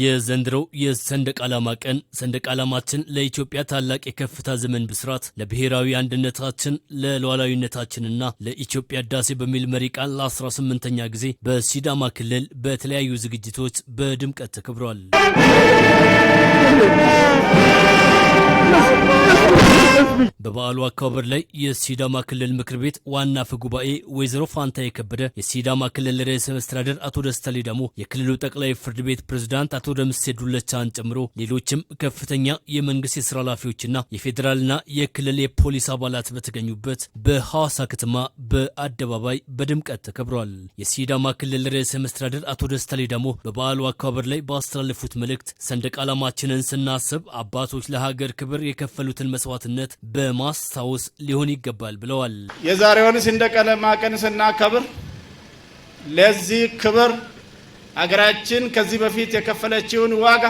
የዘንድሮው የሰንደቅ ዓላማ ቀን ሰንደቅ ዓላማችን ለኢትዮጵያ ታላቅ የከፍታ ዘመን ብስራት፣ ለብሔራዊ አንድነታችን፣ ለሉዓላዊነታችንና ለኢትዮጵያ ዳሴ በሚል መሪ ቃል ለ18ኛ ጊዜ በሲዳማ ክልል በተለያዩ ዝግጅቶች በድምቀት ተከብሯል። በበዓሉ አከባበር ላይ የሲዳማ ክልል ምክር ቤት ዋና አፈ ጉባኤ ወይዘሮ ፋንታ የከበደ፣ የሲዳማ ክልል ርዕሰ መስተዳደር አቶ ደስታ ሌዳሞ፣ የክልሉ ጠቅላይ ፍርድ ቤት ፕሬዝዳንት አቶ ደምሴ ዱለቻን ጨምሮ ሌሎችም ከፍተኛ የመንግስት የስራ ኃላፊዎችና የፌዴራልና የክልል የፖሊስ አባላት በተገኙበት በሐዋሳ ከተማ በአደባባይ በድምቀት ተከብሯል። የሲዳማ ክልል ርዕሰ መስተዳደር አቶ ደስታ ሌዳሞ በበዓሉ አከባበር ላይ ባስተላለፉት መልእክት ሰንደቅ ዓላማችንን ስናስብ አባቶች ለሀገር ክብር የከፈሉትን መስዋዕትነት በማስታወስ ሊሆን ይገባል ብለዋል። የዛሬውን ሰንደቅ ዓላማ ቀን ስናከብር ለዚህ ክብር አገራችን ከዚህ በፊት የከፈለችውን ዋጋ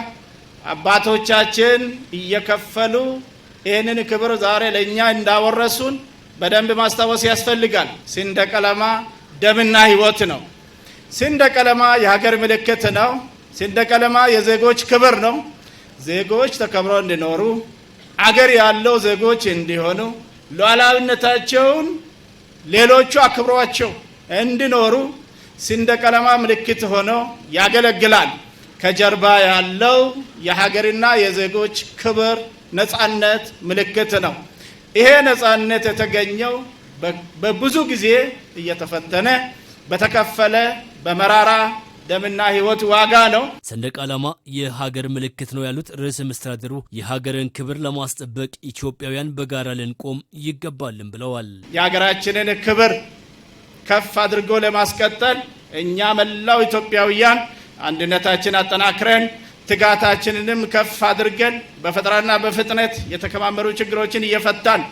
አባቶቻችን እየከፈሉ ይህንን ክብር ዛሬ ለእኛ እንዳወረሱን በደንብ ማስታወስ ያስፈልጋል። ሰንደቅ ዓላማ ደምና ሕይወት ነው። ሰንደቅ ዓላማ የሀገር ምልክት ነው። ሰንደቅ ዓላማ የዜጎች ክብር ነው። ዜጎች ተከብረው እንዲኖሩ አገር ያለው ዜጎች እንዲሆኑ ሉዓላዊነታቸውን ሌሎቹ አክብሯቸው እንዲኖሩ ሰንደቅ ዓላማ ምልክት ሆኖ ያገለግላል። ከጀርባ ያለው የሀገርና የዜጎች ክብር፣ ነጻነት ምልክት ነው። ይሄ ነጻነት የተገኘው በብዙ ጊዜ እየተፈተነ በተከፈለ በመራራ ደምና ህይወት ዋጋ ነው። ሰንደቅ ዓላማ የሀገር ምልክት ነው ያሉት ርዕሰ መስተዳድሩ የሀገርን ክብር ለማስጠበቅ ኢትዮጵያውያን በጋራ ልንቆም ይገባልን ብለዋል። የሀገራችንን ክብር ከፍ አድርጎ ለማስቀጠል እኛ መላው ኢትዮጵያውያን አንድነታችን አጠናክረን ትጋታችንንም ከፍ አድርገን በፈጠራና በፍጥነት የተከማመሩ ችግሮችን እየፈታን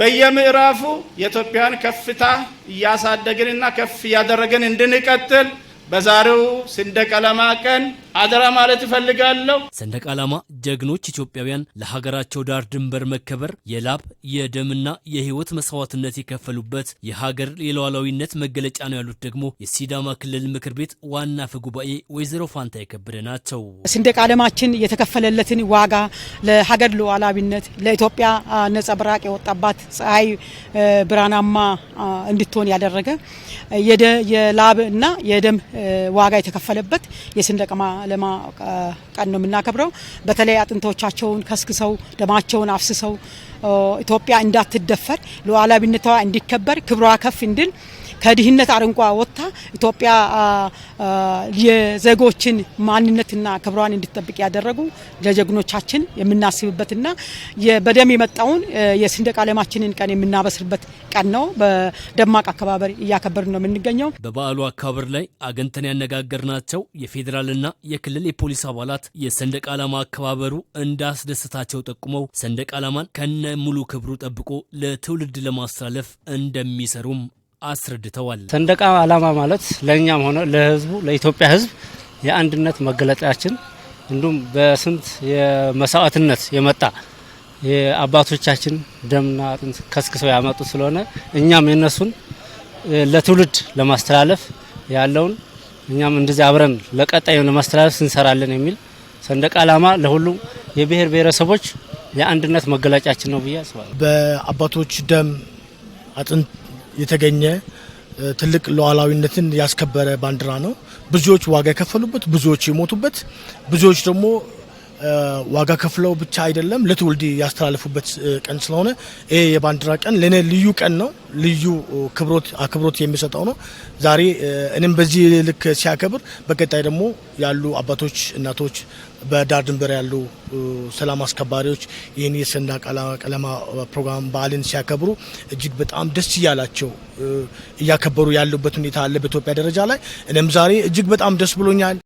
በየምዕራፉ የኢትዮጵያን ከፍታ እያሳደግንና ከፍ እያደረግን እንድንቀጥል በዛሬው ሰንደቅ ዓላማ ቀን አደራ ማለት እፈልጋለሁ። ሰንደቅ ዓላማ ጀግኖች ኢትዮጵያውያን ለሀገራቸው ዳር ድንበር መከበር የላብ የደምና የህይወት መስዋዕትነት የከፈሉበት የሀገር የሉዓላዊነት መገለጫ ነው ያሉት ደግሞ የሲዳማ ክልል ምክር ቤት ዋና አፈ ጉባኤ ወይዘሮ ፋንታ የከበደ ናቸው። ሰንደቅ ዓላማችን የተከፈለለትን ዋጋ ለሀገር ሉዓላዊነት ለኢትዮጵያ ነጸብራቅ የወጣባት ፀሐይ ብርሃናማ እንድትሆን ያደረገ የላብ እና የደም ዋጋ የተከፈለበት የሰንደቅ ዓላማ ለማ ቀን ነው የምናከብረው። በተለይ አጥንቶቻቸውን ከስክሰው ደማቸውን አፍስሰው ኢትዮጵያ እንዳትደፈር ሉዓላዊነቷ እንዲከበር ክብሯ ከፍ እንድል ከድህነት አረንቋ ወጥታ ኢትዮጵያ የዜጎችን ማንነትና ክብሯን እንድትጠብቅ ያደረጉ ለጀግኖቻችን የምናስብበትና በደም የመጣውን የሰንደቅ ዓላማችንን ቀን የምናበስርበት ቀን ነው። በደማቅ አከባበር እያከበርን ነው የምንገኘው። በበዓሉ አከባበር ላይ አገንተን ያነጋገርናቸው የፌዴራልና የክልል የፖሊስ አባላት የሰንደቅ ዓላማ አከባበሩ እንዳስደስታቸው ጠቁመው ሰንደቅ ዓላማን ከነ ሙሉ ክብሩ ጠብቆ ለትውልድ ለማስተላለፍ እንደሚሰሩም አስረድተዋል። ሰንደቅ ዓላማ ማለት ለእኛም ሆነ ለህዝቡ ለኢትዮጵያ ህዝብ የአንድነት መገለጫችን እንዲሁም በስንት የመስዋዕትነት የመጣ የአባቶቻችን ደምና አጥንት ከስክሰው ያመጡ ስለሆነ እኛም የነሱን ለትውልድ ለማስተላለፍ ያለውን እኛም እንደዚህ አብረን ለቀጣዩ ለማስተላለፍ እንሰራለን የሚል ሰንደቅ ዓላማ ለሁሉም የብሔር ብሔረሰቦች የአንድነት መገለጫችን ነው ብዬ አስባለሁ። በአባቶች ደም አጥንት የተገኘ ትልቅ ሉዓላዊነትን ያስከበረ ባንዲራ ነው። ብዙዎች ዋጋ የከፈሉበት፣ ብዙዎች የሞቱበት፣ ብዙዎች ደግሞ ዋጋ ከፍለው ብቻ አይደለም ለትውልድ ያስተላለፉበት ቀን ስለሆነ ይሄ የባንዲራ ቀን ለእኔ ልዩ ቀን ነው። ልዩ ክብሮት አክብሮት የሚሰጠው ነው። ዛሬ እኔም በዚህ ልክ ሲያከብር፣ በቀጣይ ደግሞ ያሉ አባቶች፣ እናቶች፣ በዳር ድንበር ያሉ ሰላም አስከባሪዎች ይህን የሰንደቅ ዓላማ ፕሮግራም በዓልን ሲያከብሩ እጅግ በጣም ደስ እያላቸው እያከበሩ ያሉበት ሁኔታ አለ በኢትዮጵያ ደረጃ ላይ። እኔም ዛሬ እጅግ በጣም ደስ ብሎኛል።